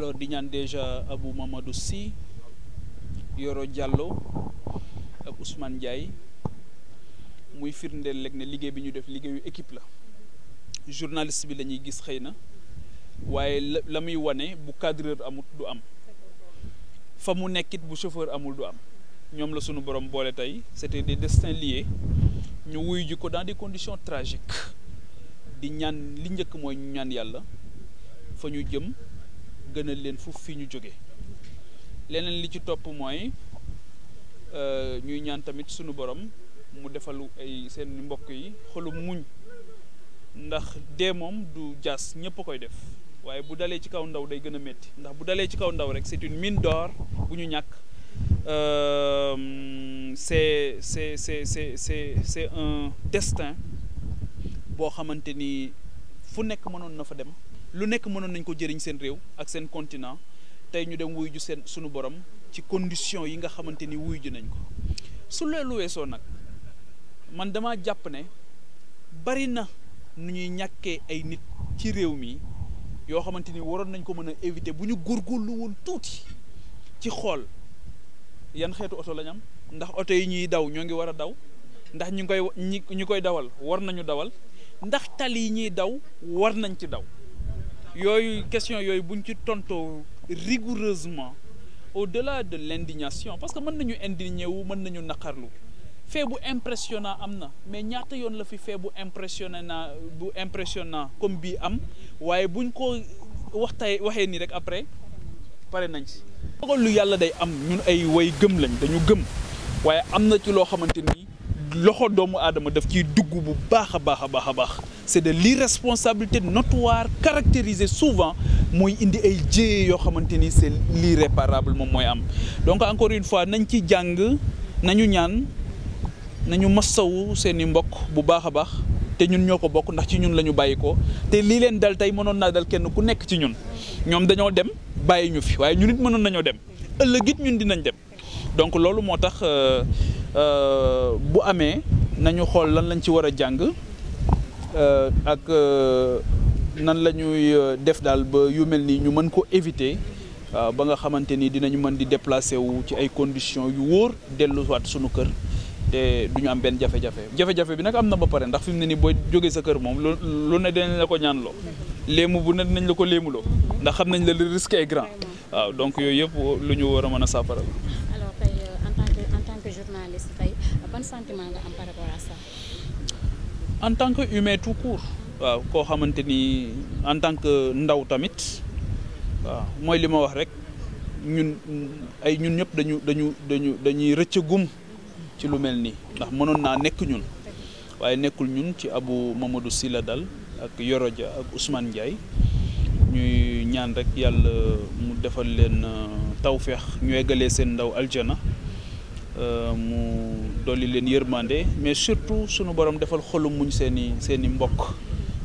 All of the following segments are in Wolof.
alors di ñaan déjà abu Mamadou Sy Yoro Diallo ak Ousmane Ndiaye muy firndeel rek ne liggéey bi ñu def liggéeyu équipe la journaliste bi la ñuy gis xëy na waaye la muy wane bu cadreur amut du am fa mu nekkit bu chauffeur amul du am ñoom la sunu borom boole tey c'était des destins liés ñu wuyu ji ko dans des condition tragiques di ñaan li njëkk mooy ñu ñaan yàlla fa ñu jëm gënal leen fu fi ñu jóge leneen li ci topp mooy euh, ñuy ñaan tamit sunu borom mu defalu ay seen mbokk yi xolu muñ ndax dee moom du jaas ñëpp koy def waaye bu dalee ci kaw ndaw day gën a métti ndax bu dalee ci kaw ndaw rek c'est une mine d'or bu ñu ñàkk euh, c'est c'est c'est c'est c'est c'est un destin boo xamante ni fu nekk mënoon na fa dem lu nekk mënoon nañ ko jëriñ seen réew ak seen continent tey ñu dem wuy ju seen sunu borom ci condition yi nga xamante ni wuy ju nañ ko su loolu weesoo nag man dama jàpp ne bari na nu ñuy ñàkkee ay nit ci réew mi yoo xamante ni waroon nañ ko mën a éviter bu ñu góorgóorluwul tuuti ci xool yan xeetu oto lañ am ndax oto yi ñuy daw ñoo ngi war a daw ndax ñu koy ñi ñu koy dawal war nañu dawal ndax tali yi ñuy daw war nañ ci daw yooyu question yooyu buñ ci tontoo rigoureusement au-delà de l'indignation parce que mën nañu indigné wu mën nañu naqarlu fait bu impressionnant am na mais ñaata yoon la fi fait bu impressionnant bu impressionnant comme bii am waaye buñ ko waxtay waxee nii rek après pare nañ si lu yàlla day am ñun ay way gëm lañ dañu gëm waaye am na ci loo xamante ni loxo doomu aadama def ciy dugg bu baax a baax a baax a baax c'est de l'irresponsabilité notoire caractérisée souvent mooy indi ay jéyee yoo xamante ni c'est réparable moom mooy am donc encore une fois nañ ci jàng nañu ñaan nañu massawu seeni mbokk bu baax a baax te ñun ñoo ko bokk ndax ci ñun la ñu bàyyi ko te lii leen dal tey mënoon naa dal kenn ku nekk ci ñun ñoom dañoo dem bàyyi ñu fi waaye ñun it mënoon nañoo dem ëllëg it ñun dinañ dem donc loolu moo tax euh, euh, bu amee nañu xool lan lañ ci war a jàng Euh, ak euh, nan la ñuy euh, def daal ba yu mel nii ñu mën ko éviter waaw ba nga xamante ni dinañu mën di déplacer wu ci ay conditions yu wóor delluwaat sunu kër te du ñu am benn jafe-jafe jafe bi nag am na ba pare ndax fi mu ne nii booy jógee sa kër moom lu lu ne dinañ la ko ñaanloo léemu bu ne dinañ la ko léemuloo ndax xam nañ la le risque est grand waaw donc yooyu yëpp lu ñu war a mën a saafara la. en tant que humain tout court waaw koo xamante ni en tant que ndaw tamit waaw mooy li ma wax rek ñun ay ñun ñëpp dañu dañu dañu dañuy rëccagum ci lu mel nii ndax mënoon naa nekk ñun waaye nekkul ñun ci abu Mamadou Sylla Dal ak Yoro Dia ak Ousmane Ndiaye ñuy ñaan rek yàlla mu defal leen euh, tawféex ñu eggalee seen ndaw na Euh, mu dolli leen yërmande mais surtout sunu borom defal xolum muñ seen i seen i mbokk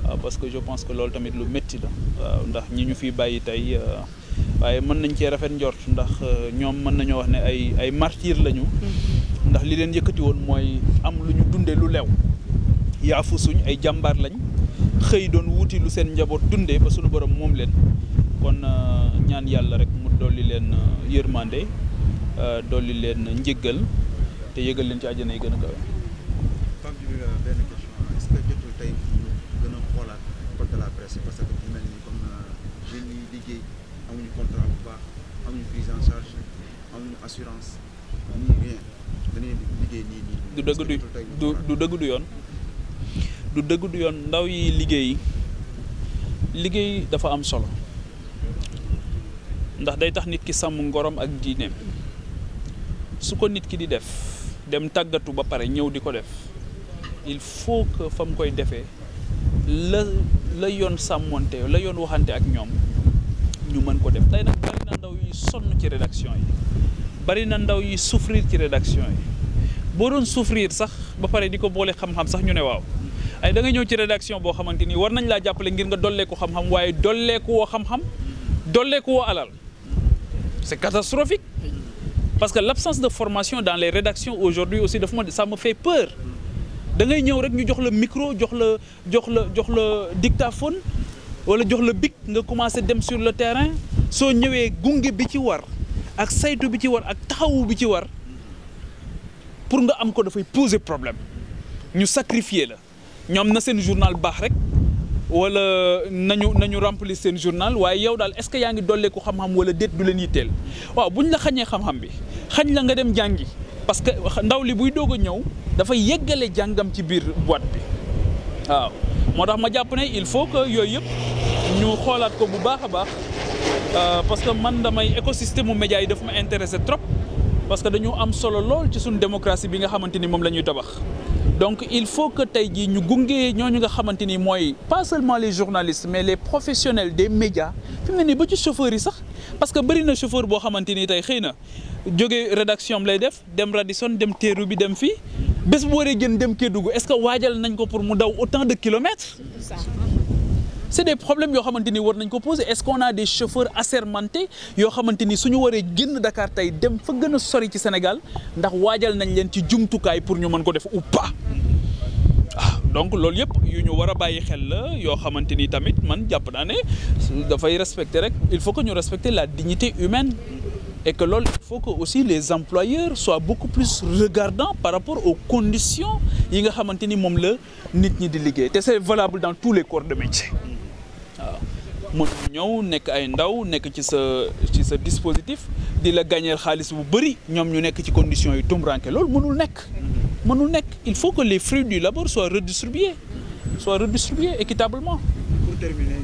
ah, parce que je pense que loolu tamit lu métti la ndax ñi ñu fi bàyyi tey euh, waaye mën nañ cee rafet njor ndax euh, ñoom mën nañoo wax ne ay ay martyr lañu mm-hmm. ndax li leen yëkkati woon mooy am lu ñu dunde lu leew yaafu suñ ay jàmbaar lañ xëy doon wuuti lu seen njaboot dundee ba sunu borom moom leen kon ñaan yàlla rek mu dolli leen yërmande Euh, dolli leen njëggal te yëgal leen ci àjjana yi gën a kawe. Pape Djibril euh, benn question a parce que bu mel euh, liggéey amuñu contrat bu baax amuñu en charge amuñu assurance amuñu rien dañuy liggéey nii nii. du dëgg du du dëgg du yoon. du dëgg du yoon ndaw yi liggéey liggéey dafa am solo ndax day tax nit ki sàmm ngorom ak diineem. su ko nit ki di def dem tàggatu ba pare ñëw di ko def il faut que fa mu koy defee la la yoon sàmmonte la yoon waxante ak ñoom ñu mën ko def tey nag bari na ndaw yi sonn ci rédaction yi bari na ndaw yi souffrir ci rédaction yi boo doon souffrir sax ba pare di ko boole xam-xam sax ñu ne waaw ay da nga ñëw ci rédaction boo xamante ni war nañ laa jàppale ngir nga dolleeku xam-xam waaye dolleeku woo xam-xam dolleeku woo alal c'est catastrophique parce que l'absence de formation dans les rédactions aujourd'hui aussi dafa ma ça me fait peur da ngay ñëw rek ñu jox la micro jox la jox la jox la dictaphone wala jox la bic nga commencé dem sur le terrain soo ñëwee gunge bi ci war ak saytu bi ci war ak taxawu bi ci war pour nga am ko dafay poser problème ñu sacrifier la ñoom na seen journal baax rek wala nañu nañu remplir seen journal waaye yow daal est-ce que yaa ngi dolleeku xam-xam wala déet du leen yitteel waaw bu ñu la xañee xam-xam bi xañ la nga dem jàngi parce que ndaw li buy doog a ñëw dafay yeggale jàngam ci biir boîte bi waaw moo tax ma jàpp ne il faut que yooyu yëpp ñu xoolaat ko bu baax a baax euh, parce que man damay écosystème mu média yi daf ma intéressé trop parce que dañu am solo lool ci suñu démocratie bi nga xamante ni moom la ñuy tabax donc il faut que tey jii ñu gunge ñu nga xamante ni mooy pas seulement les journalistes mais les professionnels des média fi ne nii ba ci chauffeurs yi sax parce que bëri na chauffeur boo xamante ni tey xëy na jóge rédaction am lay def dem Radisson dem teeru bi dem fii bés bu waree gën dem Kédougou est-ce que waajal nañ ko pour mu daw autant de kilomètres. c' est des yoo xamante ni war nañ ko poser est ce qu'on a des chauffeurs assermentés yoo xamante ni suñu waree génn Dakar tey dem fa gën a sori ci Sénégal ndax waajal nañ leen ci jumtukaay pour ñu mën ko def ou ah, donc loolu yëpp yu ñu war a bàyyi xel la yoo xamante ni tamit man jàpp naa ne dafay respecter rek il faut que ñu respecter la dignité humaine et que loolu il faut que aussi les employeurs soient beaucoup plus regardants par rapport aux conditions yi nga xamante ni moom la nit ñi di liggéey te c'est valable dans tous les corps de mën ñëw nekk ay ndaw nekk ci sa ci sa dispositif di la gagner xaalis bu bëri ñoom ñu nekk ci conditions yi tumranke loolu mënul nekk mënul nekk il faut que les fruits du labeur soient redistribués soient redistribués équitablement pour terminer